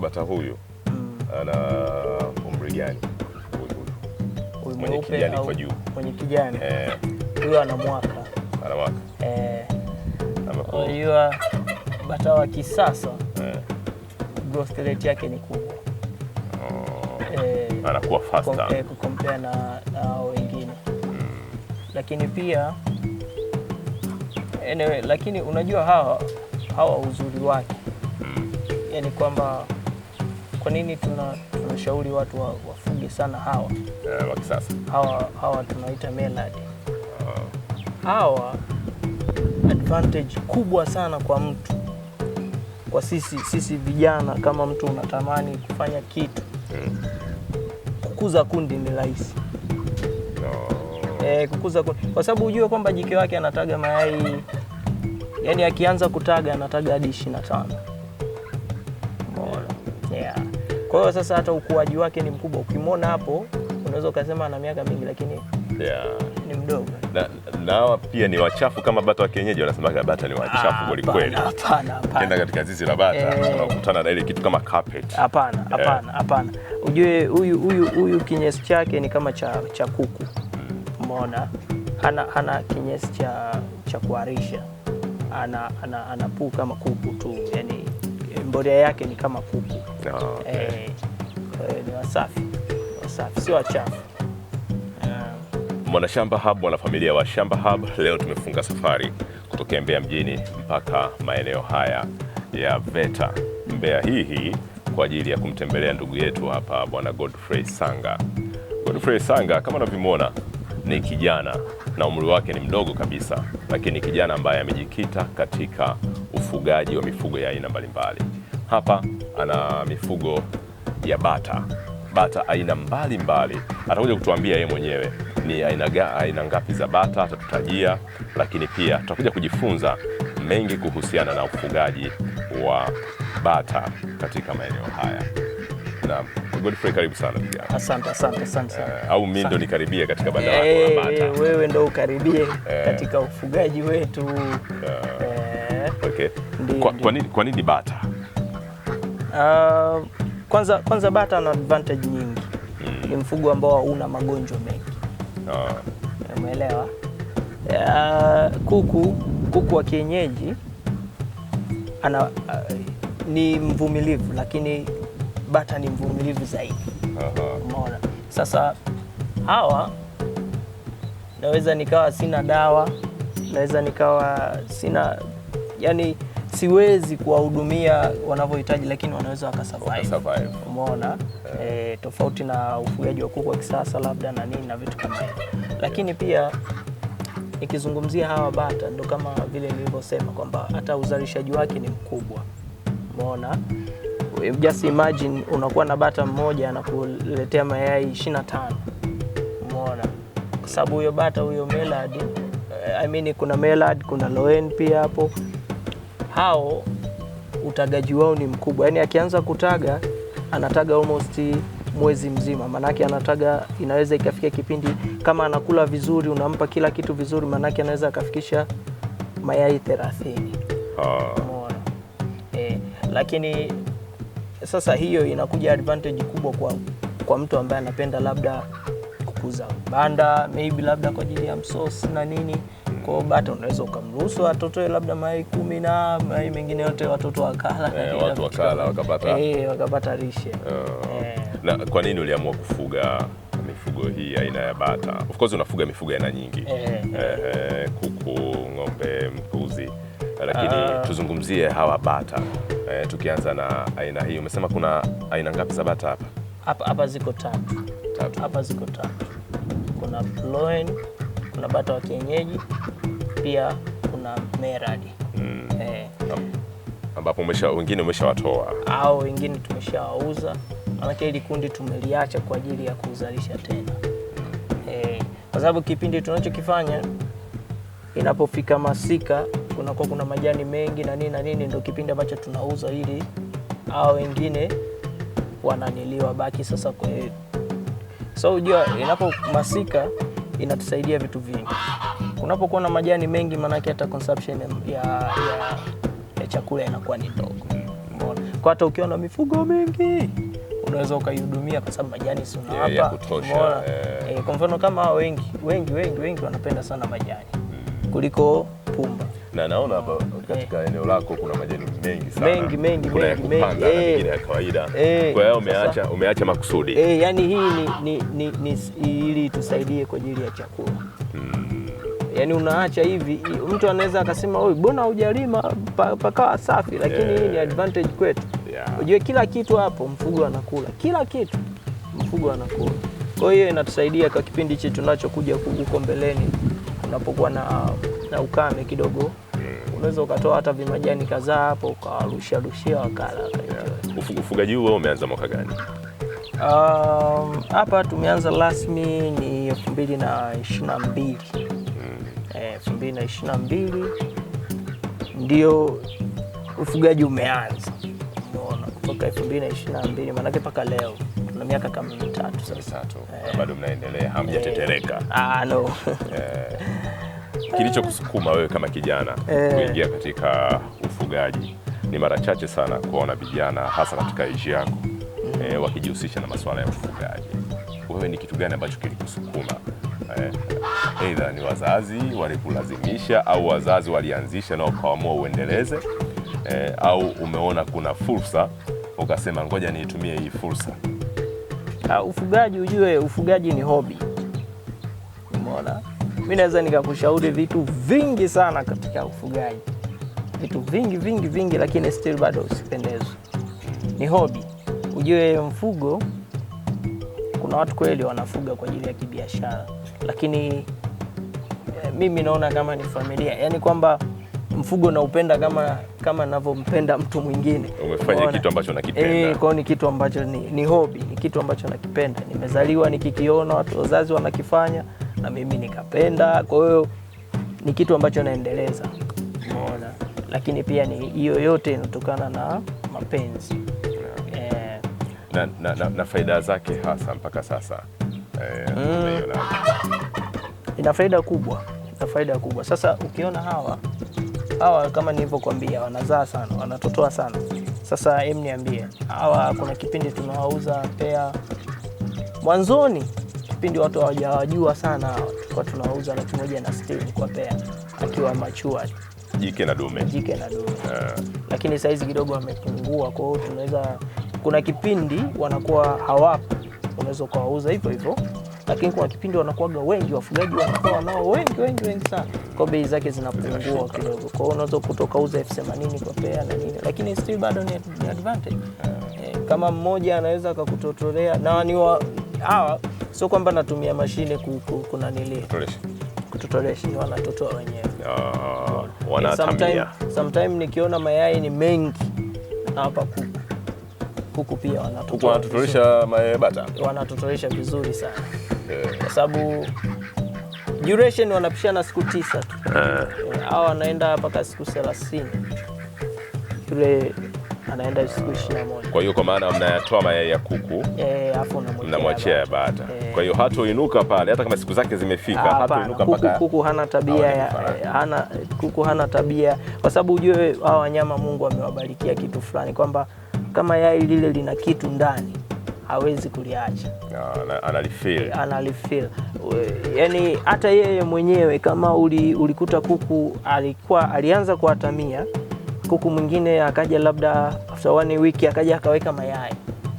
bata huyu ana umri gani? Huyu mwenye kijani kwa juu, mwenye kijani eh. huyu ana mwaka, ana mwaka eh. Unajua bata wa kisasa eh. growth rate yake ni kubwa, oh. eh. anakuwa faster kukompea na wengine, hmm. lakini pia anyway, lakini unajua hawa hawa uzuri wake hmm. yani kwamba kwa nini tunashauri watu wa, wafuge sana hawa eh, wa kisasa hawa, hawa tunaita uh. hawa advantage kubwa sana kwa mtu kwa sisi sisi vijana. Kama mtu unatamani kufanya kitu mm. kukuza kundi ni rahisi no. E, kukuza kundi kwa sababu hujue kwamba jike wake anataga mayai yani, akianza kutaga anataga hadi ishirini na tano kwa hiyo sasa hata ukuaji wake ni mkubwa, ukimwona hapo unaweza ukasema ana miaka mingi, lakini yeah. ni mdogo na, na pia ni wachafu kama bata wa kienyeji. Wanasemaga bata ni wachafu ah, hapana. Kenda katika zizi la bata eh. unakutana na ile kitu kama carpet. Hapana, eh. hapana, hapana. Ujue huyu huyu huyu kinyesi chake ni kama cha, cha kuku umeona ana hana, hana kinyesi cha, cha kuarisha. ana, ana, ana kama kuku tu yani mbolea yake ni kama kuku. Ah, okay. E, ni wasafi, wasafi sio wachafu. Mwanashamba Hub, mwanafamilia wa Shamba Hub, leo tumefunga safari kutokea Mbeya mjini mpaka maeneo haya ya VETA Mbeya hii hii kwa ajili ya kumtembelea ndugu yetu hapa bwana Godfrey Sanga. Godfrey Sanga kama unavyomwona ni kijana na umri wake ni mdogo kabisa, lakini kijana ambaye amejikita katika ufugaji wa mifugo ya aina mbalimbali. Hapa ana mifugo ya bata, bata aina mbalimbali. Atakuja kutuambia yeye mwenyewe ni aina, aina ngapi za bata atatutajia, lakini pia tutakuja kujifunza mengi kuhusiana na ufugaji wa bata katika maeneo haya. na Godfrey, karibu sana vijana. Asante, asante, asante sana. Uh, au mimi ndo nikaribie katika banda lako hey, la eh, bata. Wewe ndo ukaribie eh. katika ufugaji wetu. Uh, uh, okay. Ndi, kwa, ndi. Kwa nini, kwa nini bata? Uh, kwanza, kwanza bata ana advantage nyingi mm. Ni hmm. mfugo ambao una magonjwa mengi oh. Umeelewa? Uh, kuku kuku wa kienyeji ana uh, ni mvumilivu lakini bata ni mvumilivu zaidi. Umeona? Sasa hawa naweza nikawa sina dawa, naweza nikawa sina yani siwezi kuwahudumia wanavyohitaji, lakini wanaweza wakasurvive. Umeona e, tofauti na ufugaji wa kuku wa kisasa labda na nini na vitu kama hivyo, lakini pia nikizungumzia hawa bata, ndo kama vile nilivyosema kwamba hata uzalishaji wake ni mkubwa. Umeona, just imagine unakuwa na bata mmoja anakuletea mayai 25. Umeona, kwa sababu huyo bata huyo Melad, eh, I mean, kuna Melad, kuna Loen pia hapo hao utagaji wao ni mkubwa, yaani akianza kutaga anataga almost mwezi mzima, maanake anataga, inaweza ikafika kipindi kama anakula vizuri, unampa kila kitu vizuri, maanake anaweza akafikisha mayai thelathini. E, lakini sasa hiyo inakuja advantage kubwa kwa, kwa mtu ambaye anapenda labda kukuza banda maybe labda kwa ajili ya msosi na nini kwa hiyo bata unaweza ukamruhusu watoto labda mayai kumi na mayai mengine yote watoto wakala e, watu wakala wakapata e, eh, wakapata lishe uh, e. Na kwa nini uliamua kufuga mifugo hii aina ya bata? Of course unafuga mifugo aina nyingi e. E, kuku, ng'ombe, mbuzi lakini uh, tuzungumzie hawa bata e, tukianza na aina hii. Umesema kuna aina ngapi za bata hapa? Hapa ziko tatu, hapa ziko tatu. Kuna ploin kuna bata wa kienyeji pia kuna meradi mm. eh. ambapo wengine umeshawatoa au wengine tumeshawauza, maanake hili kundi tumeliacha kwa ajili ya kuzalisha tena eh, kwa sababu kipindi tunachokifanya inapofika masika kunakuwa kuna majani mengi na nini na nini, ndio kipindi ambacho tunauza ili au wengine wananiliwa baki sasa. Kwa so, ujua inapo masika inatusaidia vitu vingi. Unapokuwa na majani mengi, maanake hata consumption ya, ya, ya chakula inakuwa ni ndogo. Umeona, kwa hata ukiwa na mifugo mingi unaweza ukaihudumia kwa sababu majani si unawapa yeah, yeah, yeah. E, kwa mfano kama wengi wengi wengi wengi wanapenda sana majani hmm. kuliko pumba na naona hapa katika eh. eneo lako kuna majani mengi sana, mengi mengi mengi mengi, eh ya kawaida. Eh. Kwa hiyo umeacha umeacha makusudi eh, yani hii ni, ni, ni, ili tusaidie kwa ajili ya chakula hmm. Yani unaacha hivi, mtu anaweza akasema oi bona hujalima pakawa safi, lakini hii yeah. ni advantage kwetu yeah. Ujue kila kitu hapo mfugo anakula kila kitu mfugo anakula, kwa hiyo inatusaidia kwa kipindi hichi tunachokuja huko mbeleni, unapokuwa na na ukame kidogo unaweza ukatoa hata vimajani kadhaa hapo ukawarushia rushia wakala. Ufugaji huu wewe umeanza mwaka gani? Um, hapa um, tumeanza rasmi ni elfu mbili na ishirini na mbili hmm. eh, elfu mbili na ishirini na mbili ndio ufugaji umeanza mona kutoka elfu mbili na ishirini na mbili maanake mpaka leo tuna miaka kama mitatu sasa. Eh. Bado mnaendelea, hamjatetereka? Eh, ah, no kilichokusukuma wewe kama kijana eh. kuingia e, katika ufugaji? Ni mara chache sana kuona vijana hasa katika ishi yako e, wakijihusisha na masuala ya ufugaji. Wewe ni kitu gani ambacho kilikusukuma eh? Aidha ni wazazi walikulazimisha au wazazi walianzisha na ukaamua uendeleze e, au umeona kuna fursa ukasema ngoja niitumie hii fursa? Uh, ufugaji, ujue ufugaji ni hobi mi naweza nikakushauri vitu vingi sana katika ufugaji, vitu vingi vingi vingi, lakini still bado usipendezwe. Ni hobi, ujue mfugo. Kuna watu kweli wanafuga kwa ajili ya kibiashara, lakini eh, mimi naona kama ni familia, yaani kwamba mfugo naupenda kama kama navyompenda mtu mwingine. Umefanya kitu ambacho nakipenda. Eh, kwao ni kitu ambacho ni, ni hobi, ni kitu ambacho nakipenda, nimezaliwa nikikiona watu wazazi wanakifanya na mimi nikapenda. Kwa hiyo ni kitu ambacho naendeleza, umeona, lakini pia ni hiyo yote inatokana na mapenzi yeah. Na, eh. na, na, na faida zake hasa mpaka sasa eh, mm. Ina faida kubwa, ina faida kubwa. Sasa ukiona hawa hawa kama nilivyokuambia, wanazaa sana, wanatotoa sana. Sasa em, niambie hawa, kuna kipindi tunawauza pea mwanzoni kipindi watu hawajawajua sana, tulikuwa tunauza laki moja na sitini kwa pea akiwa machua jike na dume, jike na dume yeah. Lakini saizi kidogo wamepungua, kwa hiyo tunaweza, kuna kipindi wanakuwa hawapo, unaweza ukawauza hivyo hivyo, lakini kuna kipindi wanakuwaga wengi, wafugaji wanakuwa nao wengi wengi wengi sana, kwa bei zake zinapungua kidogo, kwa hiyo unaweza kutoka uza elfu themanini kwa pea na nini, lakini still bado ni advantage yeah. Eh, kama mmoja anaweza akakutotolea na ni hawa sio kwamba natumia mashine kunanili kutotolesha, wanatotoa wenyewe. Oh, ah, eh, wanatamia. Sometime nikiona mayai ni mengi hapa kuku, kuku pia wanatotolesha mayai eh, bata, wanatotolesha vizuri sana yeah, kwa sababu duration wanapishana siku tisa tu, eh. au wanaenda mpaka siku thelathini yule anaenda siku ishirini na moja. Kwa hiyo kwa maana mnayatoa mayai ya kuku eh, mnamwachia ya bata. Eh. Kwa hiyo hatoinuka pale hata kama siku zake zimefika, hatoinuka mpaka kuku hana tabia eh, hana kuku hana tabia, kwa sababu ujue hawa wanyama Mungu amewabarikia kitu fulani kwamba kama yai lile lina kitu ndani hawezi kuliacha, analifeel analifeel. Yani hata yeye mwenyewe kama ulikuta kuku alikuwa alianza kuatamia kuku mwingine akaja labda after one wiki akaja akaweka mayai,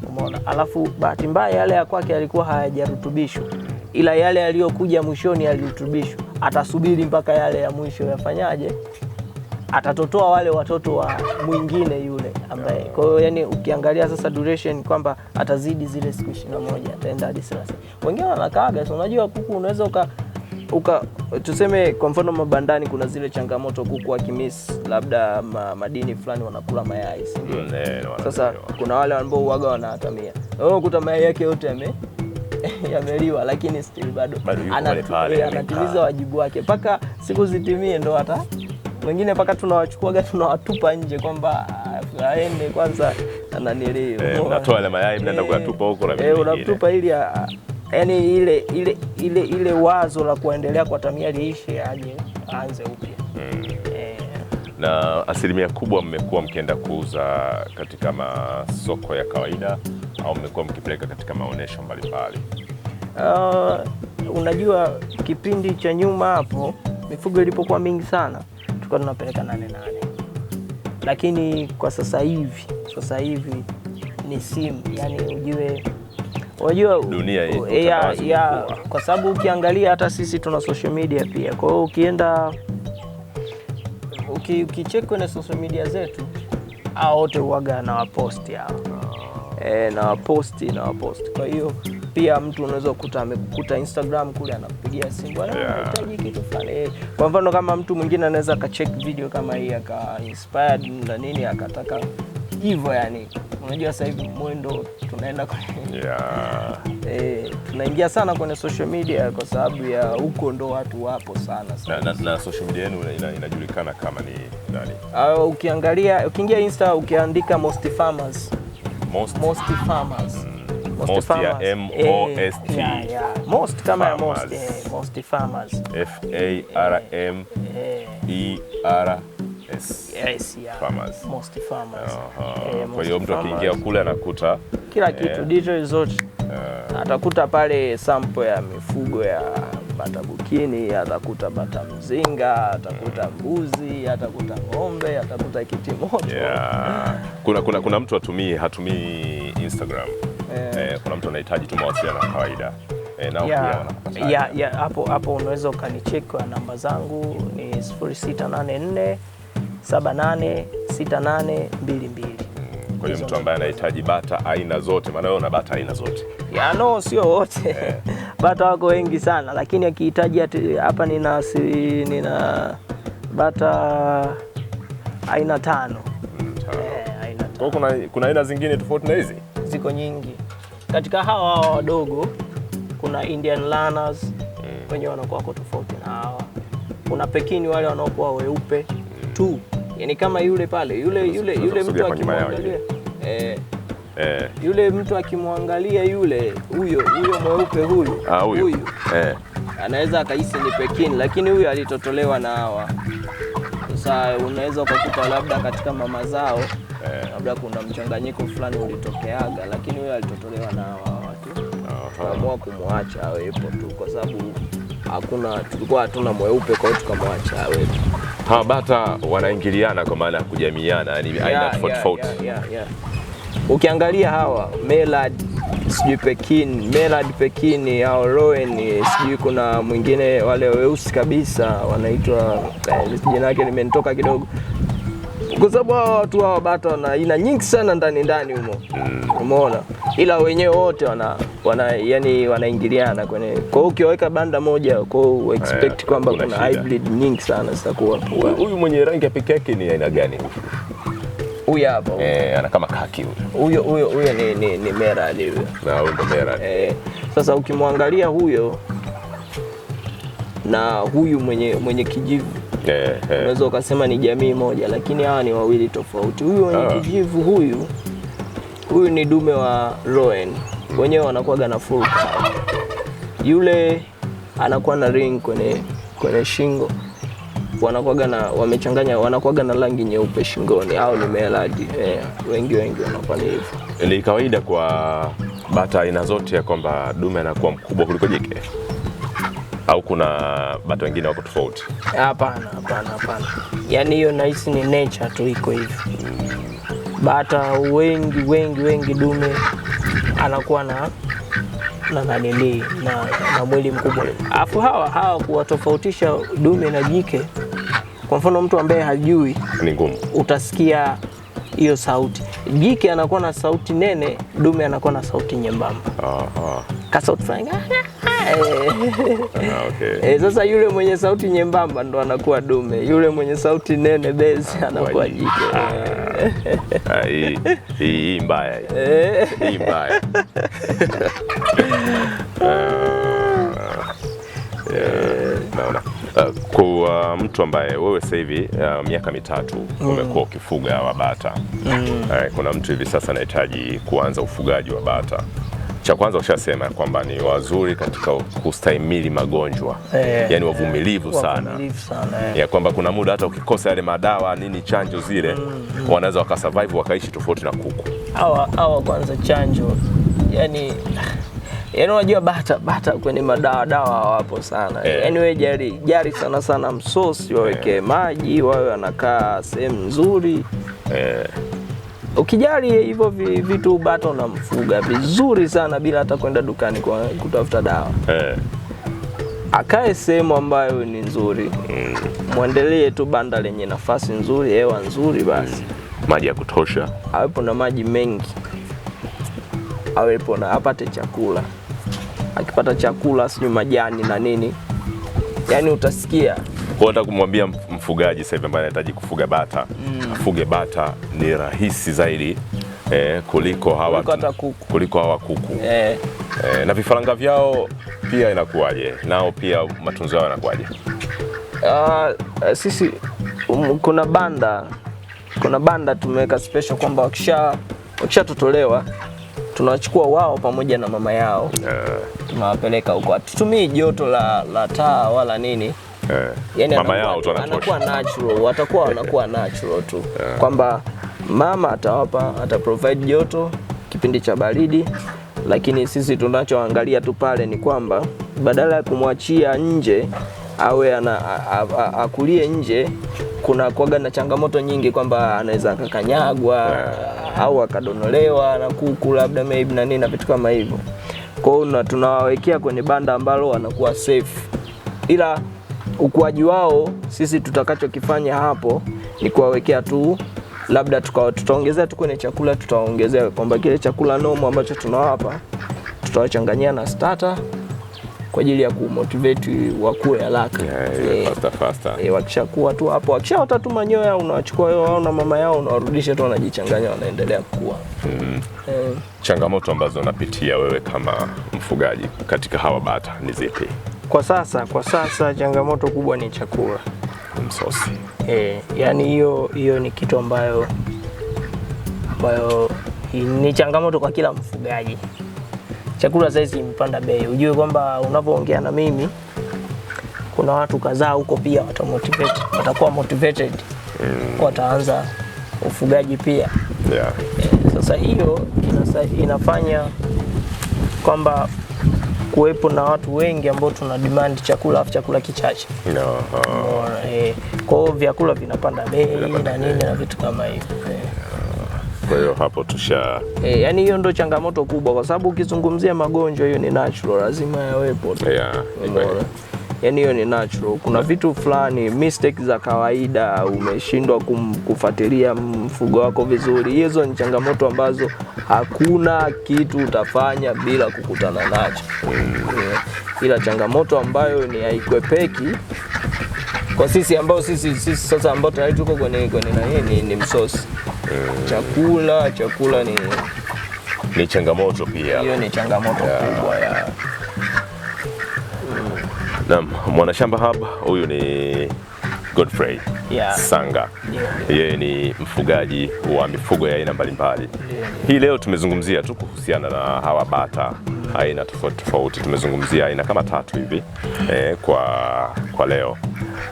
umeona. Alafu bahati mbaya yale ya kwake yalikuwa hayajarutubishwa, ila yale yaliyokuja mwishoni yalirutubishwa. Atasubiri mpaka yale ya mwisho yafanyaje, atatotoa wale watoto wa mwingine yule ambaye. Kwa hiyo yani, ukiangalia sasa duration kwamba atazidi zile siku ishirini na moja ataenda hadi thelathini. Wengine wanakaaga, so unajua kuku unaweza uka uka tuseme kwa mfano mabandani kuna zile changamoto, kuku wakimis labda ma, madini fulani wanakula mayai, si ndio? Mm, eh, Sasa kuna wale ambao uwaga wanahatamia kuta mayai yake yote yame yameliwa lakini still bado eh, yaani anatimiza wajibu wake mpaka siku zitimie, ndo hata wengine mpaka tunawachukuaga tunawatupa nje kwamba ah, aende kwanza e, natoa ile mayai mnaenda eh, kuyatupa huko, unatupa ili yani ile ile ile ile wazo la kuendelea kwa tamia liishe aje aanze upya mm. eh. Na asilimia kubwa mmekuwa mkienda kuuza katika masoko ya kawaida au mmekuwa mkipeleka katika maonyesho mbalimbali? Uh, unajua kipindi cha nyuma hapo mifugo ilipokuwa mingi sana tulikuwa tunapeleka nane nane, lakini kwa sasa hivi sasa hivi ni simu, yani ujue Unajua dunia hii eh, ya, ya, kwa sababu ukiangalia hata sisi tuna social media pia. Kwa hiyo ukienda ukicheki kwenye social media zetu hao wote uaga na waposti hao e, eh, na waposti na waposti. Kwa hiyo pia mtu unaweza kukuta amekukuta Instagram kule, anakupigia simu anahitaji yeah, kitu fulani. Eh, kwa mfano kama mtu mwingine anaweza akacheck video kama hii aka inspired na nini akataka hivyo yani, unajua sasa hivi mwendo tunaenda kwenye yeah. E, tunaingia sana kwenye social media kwa sababu ya huko ndo watu wapo sana sana. na, na, na social media yenu inajulikana kama ni nani? Uh, ukiangalia ukiingia Insta ukiandika most farmers most, most farmers mm. Most ya M O S T. Eh, most kama ya most, eh, most farmers. F A R M E R -S yes. Yes, yeah. Farmers. farmers. Uh -huh. kwa hiyo mtu akiingia kule anakuta kila eh, kitu, dijo zote eh. atakuta pale sampo ya mifugo ya bata bukini atakuta bata mzinga, atakuta mm. mbuzi, atakuta ng'ombe, atakuta kitimoto. Yeah. Kuna, kuna, kuna mtu atumii hatumii Instagram yeah. Eh, kuna mtu anahitaji tu mawasiliano ya kawaida eh, hapo hapo, unaweza ukanicheki kwa namba zangu ni 0684 786822. Mm, kwa hiyo mtu ambaye anahitaji bata aina zote, maana wewe una bata aina zote ya no, sio wote yeah. bata wako wengi sana, lakini akihitaji hapa nina, nina bata aina tano. Mm, yeah, aina tano. kuna, kuna aina zingine tofauti na hizi, ziko nyingi katika hawa hawa wadogo. Kuna Indian Lanas mm. wenyewe wanakuwa wako tofauti na hawa. Kuna pekini wale wanaokuwa weupe tu, yani kama yule pale yule yule yule mtu akimwangalia eh. eh, eh, yule mtu akimwangalia yule huyo huyo mweupe huyu ah, huyu eh, anaweza akahisi ni Pekini, lakini huyo alitotolewa na hawa. Sasa unaweza ukakuta labda katika mama zao eh, labda kuna mchanganyiko fulani ulitokeaga, lakini huyo alitotolewa na hawa watu tukaamua kumwacha awepo tu, kwa sababu hakuna tulikuwa hatuna mweupe, kwa hiyo tukamwacha awepo hawa bata wanaingiliana kwa maana ya kujamiana, yani aina tofauti tofauti. Ukiangalia hawa melad sijui pekin melad pekini au roen sijui kuna mwingine wale weusi kabisa wanaitwa eh, jina lake limenitoka kidogo kwa sababu hawa watu hawa bata wana aina nyingi sana ndani ndani humo, umeona, ila wenyewe wote wana, wana yani wanaingiliana kwenye. Kwa hiyo ukiweka banda moja, kwa hiyo expect eh, kwamba kuna hybrid nyingi sana zitakuwa. Huyu mwenye rangi ya peke yake ni aina gani? Huyu hapa eh, ana kama kaki huyo huyo huyo, ni ni, ni mera huyo. na huyo ndo mera eh. Sasa ukimwangalia huyo na huyu mwenye mwenye kijivu Eh, eh. Unaweza ukasema ni jamii moja, lakini hawa ni wawili tofauti. Huyu wenye ah. kijivu huyu huyu ni dume wa Roen, wenyewe wanakuwaga na full cow. Yule anakuwa na ring kwenye kwenye shingo wanakuwaga na wamechanganya, wanakuwaga na rangi nyeupe shingoni au ni meladi yeah. wengi wengi wanakuwa ni hivyo. Ni kawaida kwa bata aina zote ya kwamba dume anakuwa mkubwa kuliko jike au kuna bata wengine wako tofauti? Hapana, hapana, hapana. Yaani hiyo nahisi ni nature tu iko hivyo. Bata uh, wengi wengi wengi dume anakuwa na na nanili na, na mwili mkubwa. Alafu hawa hawa kuwatofautisha dume na jike, kwa mfano mtu ambaye hajui ni ngumu, utasikia hiyo sauti. Jike anakuwa na sauti nene, dume anakuwa na sauti nyembamba. Aha kasauti ah, okay. E, sasa yule mwenye sauti nyembamba ndo anakuwa dume, yule mwenye sauti nene bezi anakuwa jike. Ah. Ah, hii mbaya, eh. hii mbaya. Eh, kwa mtu ambaye wewe sasa hivi uh, miaka mitatu mm. umekuwa ukifuga wa bata mm. uh, kuna mtu hivi sasa anahitaji kuanza ufugaji wa bata cha kwanza ushasema kwamba ni wazuri katika kustahimili magonjwa e, eh, yani eh, wavumilivu sana, sana eh. e, ya kwamba kuna muda hata ukikosa yale madawa nini chanjo zile mm, mm, wanaweza wakasurvive wakaishi tofauti na kuku hawa hawa. Kwanza chanjo yani yani unajua bata bata kwenye madawa dawa hawapo sana e. Yani wewe jari, jari sana sana msosi wawekee e, maji wawe wanakaa sehemu nzuri e. Ukijali hivyo vitu bata unamfuga vizuri sana bila hata kwenda dukani kwa kutafuta dawa eh. Akae sehemu ambayo ni nzuri mm. Mwendelee tu banda lenye nafasi nzuri, hewa nzuri, basi mm. Maji ya kutosha, awepo na maji mengi, awepo na apate chakula. Akipata chakula sijui majani na nini, yani utasikia kwa hata kumwambia mfugaji sasa hivi ambaye anahitaji kufuga bata mm. afuge bata ni rahisi zaidi eh, kuliko hawa kuku, kuliko hawa kuku. Eh. Eh, na vifaranga vyao pia inakuwaje? Nao pia matunzo yao yanakuwaje? Uh, sisi um, kuna banda kuna banda tumeweka special kwamba wakisha wakishatotolewa tunawachukua wao pamoja na mama yao yeah. tunawapeleka huko, hatutumii joto la, la taa wala nini yani mama yao tu anatosha, natural watakuwa wanakuwa natural tu yeah. Kwamba mama atawapa ata provide joto kipindi cha baridi, lakini sisi tunachoangalia tu pale ni kwamba badala ya kumwachia nje awe ana, a, akulie nje kuna kuaga na changamoto nyingi kwamba anaweza akakanyagwa au akadonolewa na kuku labda maybe na nini na vitu kama hivyo. Kwa hiyo tunawawekea kwenye banda ambalo wanakuwa safe, ila ukuaji wao, sisi tutakachokifanya hapo ni kuwawekea tu labda tutaongezea tu kwenye chakula, tutaongezea kwamba kile chakula nomo ambacho tunawapa tutawachanganyia na starter kwa ajili ya kumotivate wakue haraka yeah, eh. faster faster. Eh, wakishakuwa tu hapo, wakishaota tu manyoya unawachukua wao na mama yao unawarudisha tu, wanajichanganya wanaendelea kukua. mm. E, changamoto ambazo unapitia wewe kama mfugaji katika hawa bata ni zipi? Kwa sasa kwa sasa changamoto kubwa ni chakula msosi. E, yani hiyo hiyo ni kitu ambayo ambayo ni changamoto kwa kila mfugaji. Chakula saizi imepanda bei, ujue kwamba unavyoongea na mimi kuna watu kadhaa huko pia wata motivate, watakuwa motivated mm. wataanza ufugaji pia yeah. E, sasa hiyo inasa, inafanya kwamba kuwepo na watu wengi ambao tuna demand chakula afu chakula kichache no. Eh, kwa hiyo vyakula vinapanda bei na nini na vitu kama hivyo eh. kwa hiyo hapo tusha eh, yani hiyo ndo changamoto kubwa, kwa sababu ukizungumzia magonjwa, hiyo ni natural, lazima yawepo. Yeah, yani hiyo ni natural. Kuna vitu fulani mistake za kawaida, umeshindwa kufuatilia mfugo wako vizuri, hizo ni changamoto ambazo hakuna kitu utafanya bila kukutana nacho, eh, ila changamoto ambayo ni haikwepeki kwa sisi ambao sisi, sisi sasa ambao tayari tuko kwenye kwenye na ni, ni msosi eh. Chakula chakula ni ni changamoto pia, hiyo ni changamoto yeah. kubwa ya na Mwanashamba Hub huyu ni Godfrey yeah. Sanga yeah. Yeye ni mfugaji wa mifugo ya aina mbalimbali yeah. Hii leo tumezungumzia tu kuhusiana na hawa bata aina tofauti tofauti, tumezungumzia aina kama tatu hivi eh, kwa, kwa leo,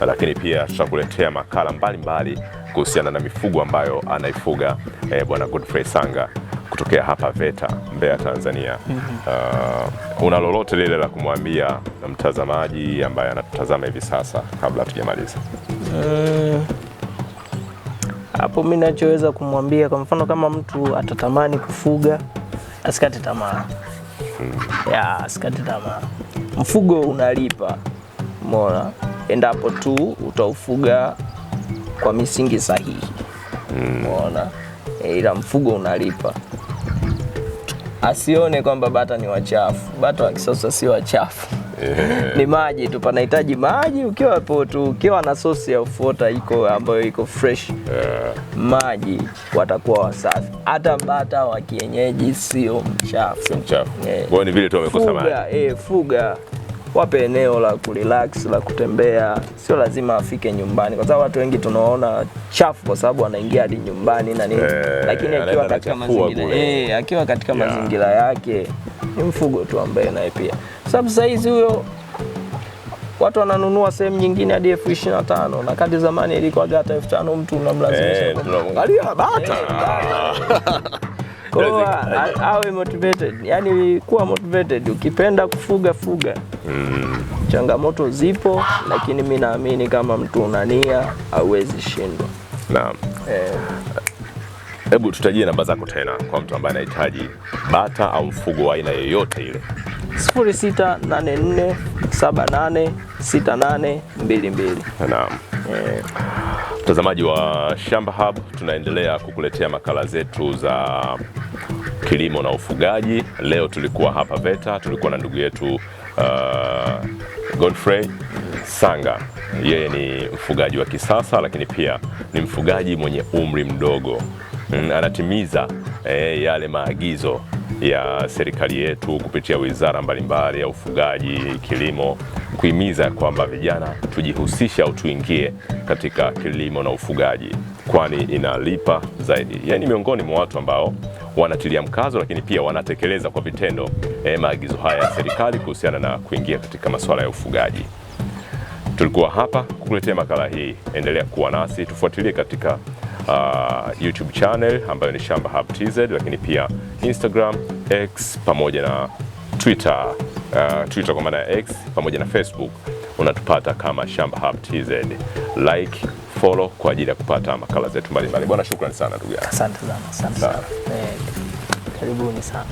lakini pia tutakuletea makala mbalimbali kuhusiana na mifugo ambayo anaifuga eh, Bwana Godfrey Sanga kutokea hapa VETA Mbeya, Tanzania. mm -hmm. Uh, una lolote lile la kumwambia mtazamaji ambaye anatutazama hivi sasa kabla hatujamaliza? mm. Hapo mimi nachoweza kumwambia, kwa mfano kama mtu atatamani kufuga asikate tamaa. mm. ya asikate tamaa, mfugo unalipa mona endapo tu utaufuga kwa misingi sahihi. mm. mona eh, ila mfugo unalipa asione kwamba bata ni wachafu. Bata wa kisasa si wachafu yeah. Ni maji tu, panahitaji maji. Ukiwa hapo tu, ukiwa na sosi ya ufuota iko ambayo iko fresh yeah. Maji watakuwa wasafi. Hata bata wa kienyeji sio mchafu, mchafu yeah. Ni vile tu wamekosa maji. Fuga, eh, fuga wape eneo la kurelax la kutembea, sio lazima afike nyumbani, kwa sababu watu wengi tunaona chafu kwa sababu anaingia hadi nyumbani na nini e, lakini akiwa katika mazingira eh, akiwa katika yeah, mazingira yake ni mfugo tu ambaye naye pia, sababu saa hizi huyo watu wananunua sehemu nyingine hadi elfu ishirini na tano na kati zamani ilikuwa hata elfu tano mtu unamlazimisha eh, awe motivated, yani kuwa motivated. Ukipenda kufuga fuga, mm. Changamoto zipo, lakini mi naamini kama mtu unania hauwezi shindwa. Naam. Eh. Hebu eh, tutajie namba zako tena kwa mtu ambaye anahitaji bata au mfugo wa aina yoyote ile. 0684786822. Naam. Eh. Mtazamaji wa Shamba Hub, tunaendelea kukuletea makala zetu za kilimo na ufugaji. Leo tulikuwa hapa VETA, tulikuwa na ndugu yetu uh, Godfrey Sanga. Yeye ni mfugaji wa kisasa, lakini pia ni mfugaji mwenye umri mdogo, mm, anatimiza eh, yale maagizo ya serikali yetu kupitia wizara mbalimbali ya ufugaji, kilimo, kuhimiza kwamba vijana tujihusishe au tuingie katika kilimo na ufugaji, kwani inalipa zaidi. Yani miongoni mwa watu ambao wanatilia mkazo lakini pia wanatekeleza kwa vitendo eh, maagizo haya ya serikali kuhusiana na kuingia katika masuala ya ufugaji. Tulikuwa hapa kukuletea makala hii. Endelea kuwa nasi, tufuatilie katika uh, YouTube channel ambayo ni Shamba Hub TZ, lakini pia Instagram, X pamoja na Twitter, uh, Twitter kwa maana ya X pamoja na Facebook unatupata kama Shamba Hub TZ. Like, follow kwa ajili ya kupata makala zetu mbalimbali. Bwana, shukrani sana ndugu yangu. Asante sana. Asante sana. Eh, karibuni sana.